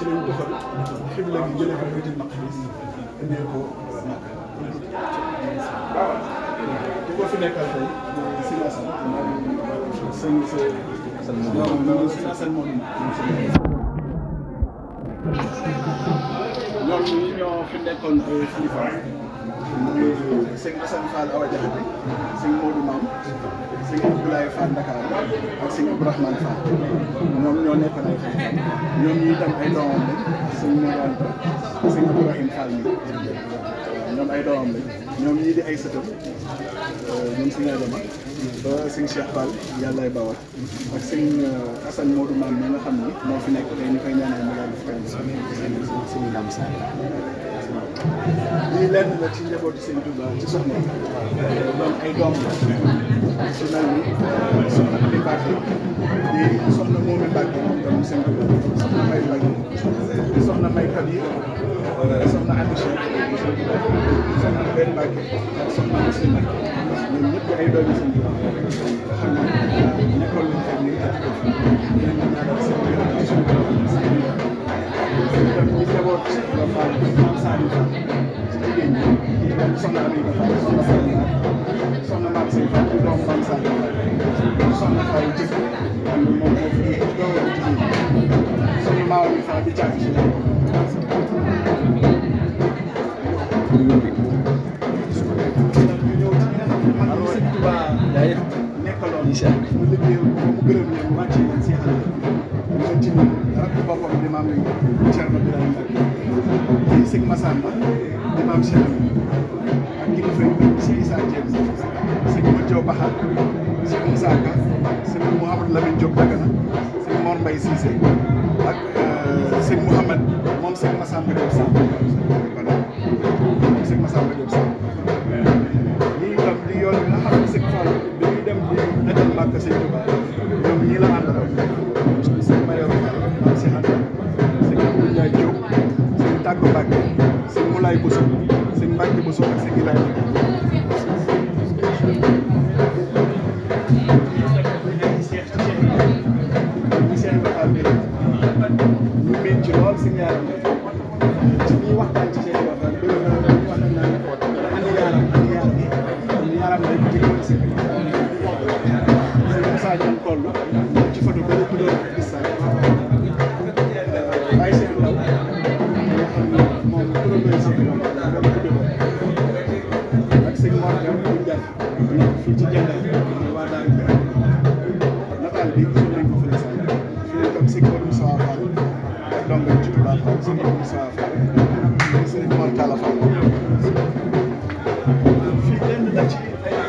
ci c'est defal xibla gi jëlee C'est Un monde C'est ko Makka ko fi nekkal tey si la sa C'est le ñoom ñi ñoo fi ak sëñ Ibrahima Fall ñoom ñoo nekkoon ay xarit ñoom ñuy dem ay doomam lañ sëñ Mourane Fall sëñ Ibrahima Fall mi ñoom ay doomam lañ ñoom ñii di ay sëtam euh, ñoom sëñ Adama ba sëñ Cheikh Fall yàllaay bawal ak sëñ euh, Assane Modou Mame mi nga xam ni moo fi nekk tey ñu koy ñaanal mu yàlla fi koy sëñ Dame Sall lii lenn la ci njabootu sëñ Touba ci soxna doon ay doom ci mel ni soxna Ami Mbacke di soxna Momi Mbacke doon sëñ Touba soxna May Mbacke di soxna May Kabir soxna Ami Cheikh soxna Ben Mbacke ak soxna Moussa Mbacke ñoom ñëpp ay doomi sëñ Touba I am going to go to the so now if I be charged. comme ça. Voilà.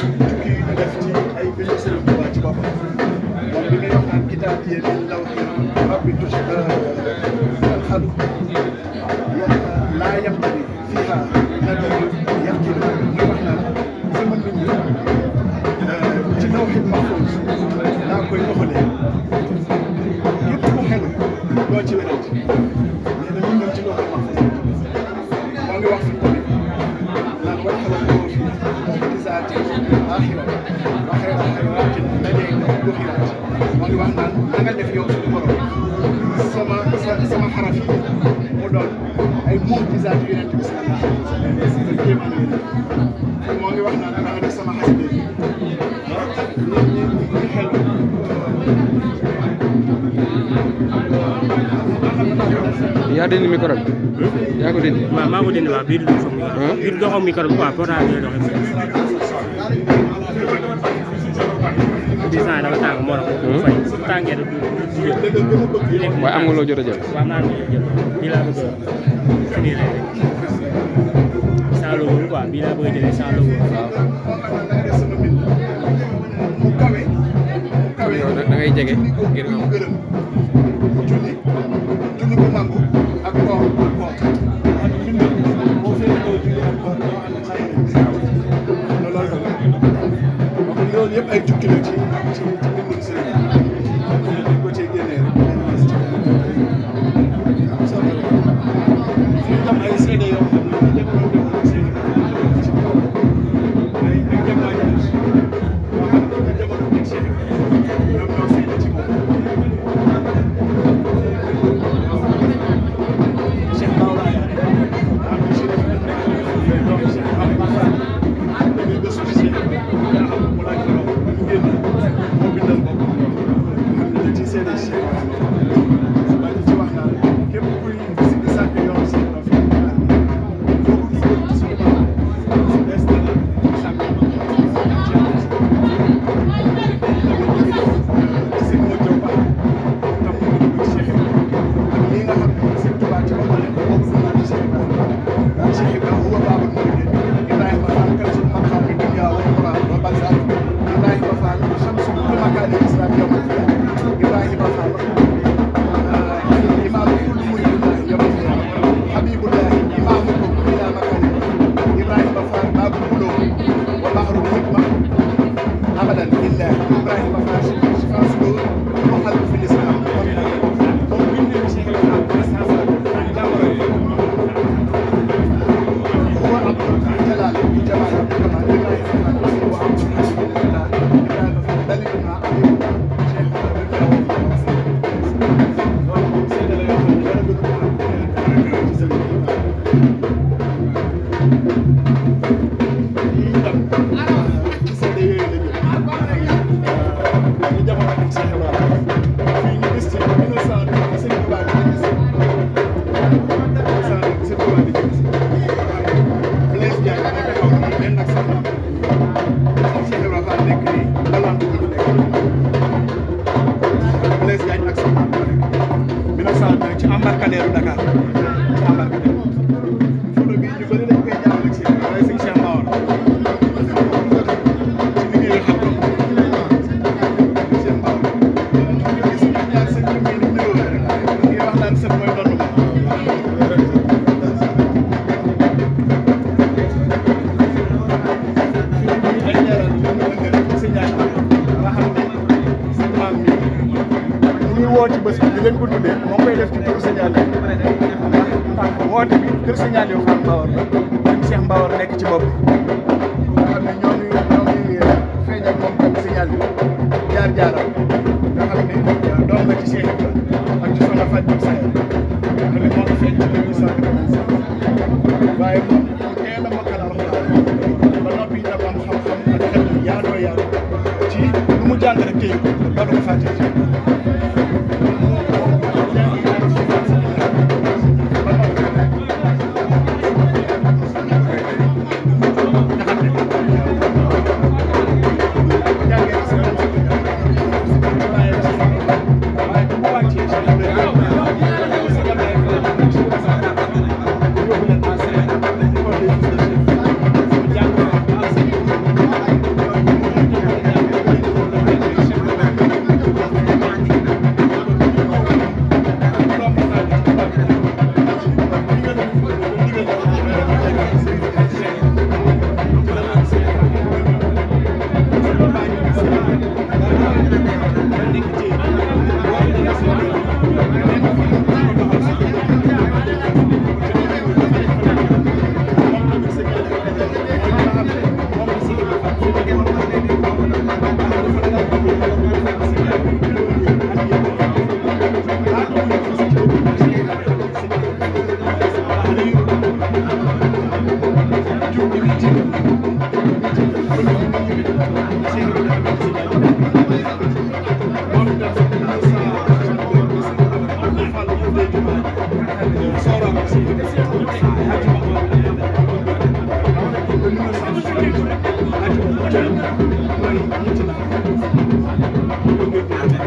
tukki yi ñu def ci ay benn sëriñ bu baax ci boppam moom li ngay wax naan kitaab yéen law bi bi ko xiiraat moo ngi wax naan na nga def yow suñu borom sama sama xaraf yi mu doon ay mucjisaat yu Yonent bi sallallahu alayhi wa sallam ay kéemaan la moo ngi wax naan na nga def sama xasida yi nit ñi ñi xel yaa dindi micro bi. yaa ko dindi. waaw maa ko dindi waaw biir doxam micro bi. biir doxam micro bi waaw portable bi doxam enquête bi. waaye am nga loo jot a jël. waaw maa ngi jël bii laa bëgg a finir rek sans logo quoi bii laa bëgg Sall Thank you.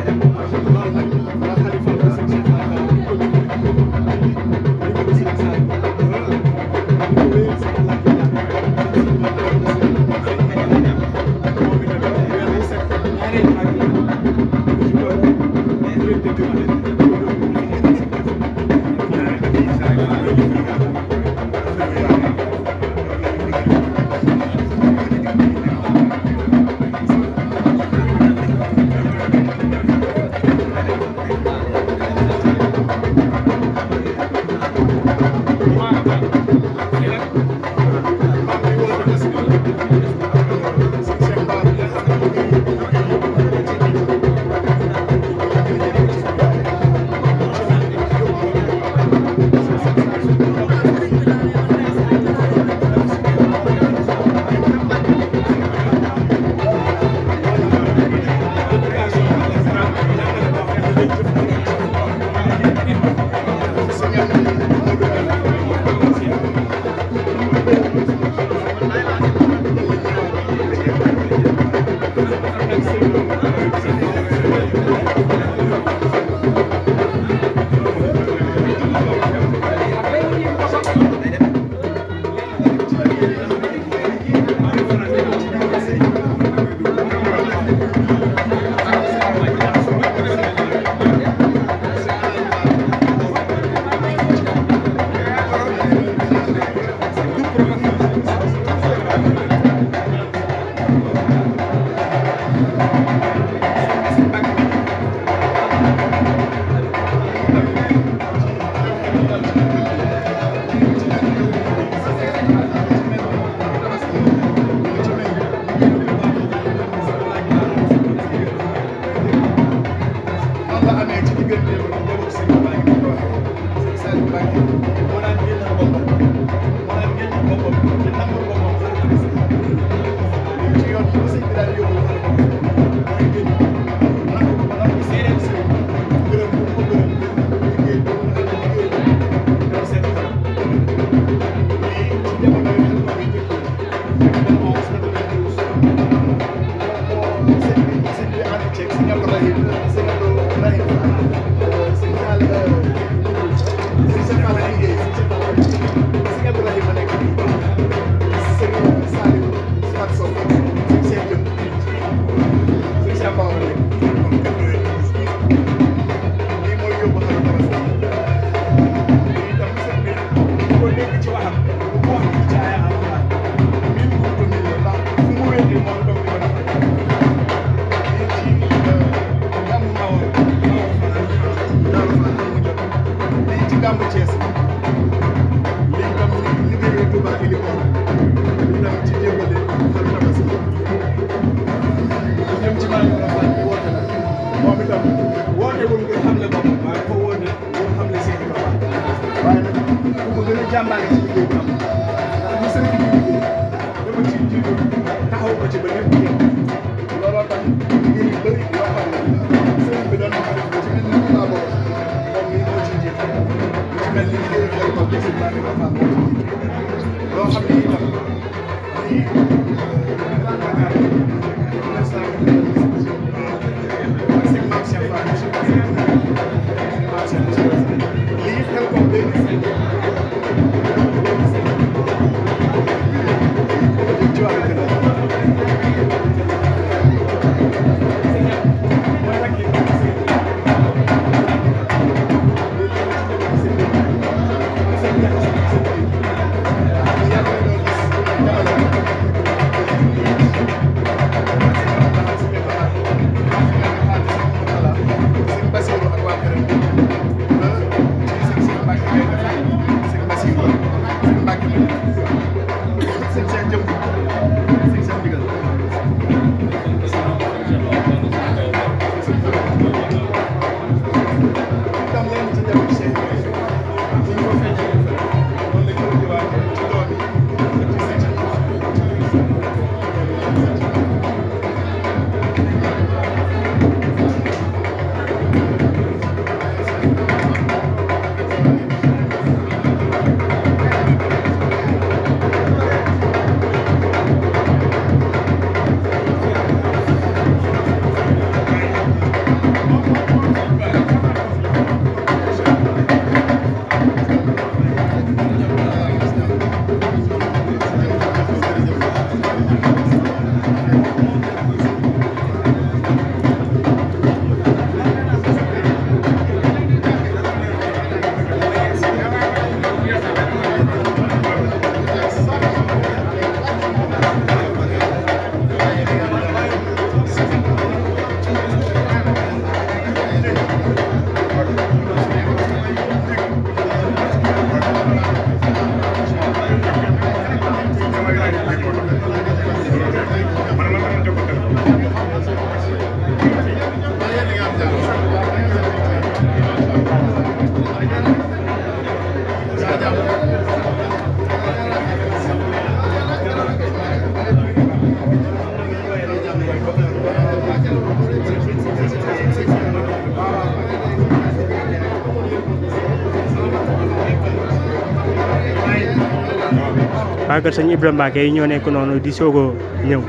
waa kër sëñ Ibrahima Mbacke yi ñoo nekk noonu di soog a ñëw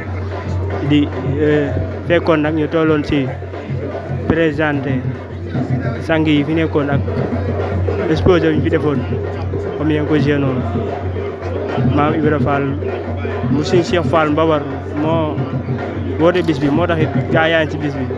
di eh, fekkoon nag ñu tolloon ci présenté sang yi fi nekkoon ak exposé bi ñu fi defoon comme yéen ko gis noonu maam Ibra Fall mu sëñ Cheikh Fall Mbabar moo woote bis bi moo taxit gaa yaa ngi ci bis bi